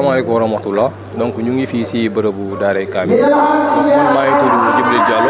assalamualaikum warahmatullahi wabarakatuh donc ñu ngi fi ci bërebu daare kami man may tudd jibril diallo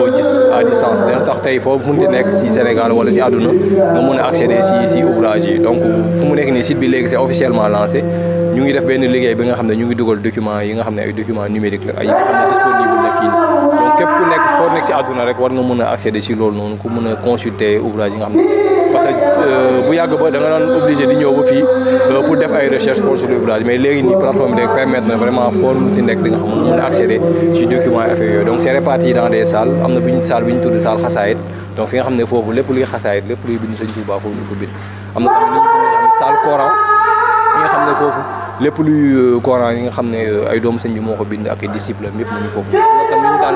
à distance dina tax tey foo munti nekk ci Sénégal wala ci aduna nga mun accéder ci ci ouvrage yi donc fu mu nekk nii site bi légui c'est officiellement lancé ñu ngi def benn liggéey bi nga xam ne ñu ngi dugal document yi nga xam ne ay document numérique la ay yi nga xam ne disponible na fii donc képp ku nekk foo nekk si aduna rek war nga mun a accéder ci loolu noonu ku mun a consulter ouvrage yi nga xam ne parce que euh, bu yàgg ba da daan obligé di ñëw ba fii euh, pour def ay recherche pour sur mais léegi nii plateforme bi permettre na vraiment foo di nekk di nga xam mun a accéder ci documents et donc c'est xasaayit donc fi nga xam ne foofu lépp luy xasaayit lépp luy bind Sëñ Tuubaa foofu ñu ko bind am na tamit salle Coran nga xam ne foofu lépp luy euh, Coran yi nga xam ne ay doomu sëñ moo ko bind ak disciple yëpp mu foofu tam ñu daan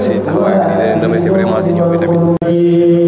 taxawaay si taxawaay bi di leen remercier vraiment si ñëw bi tamit.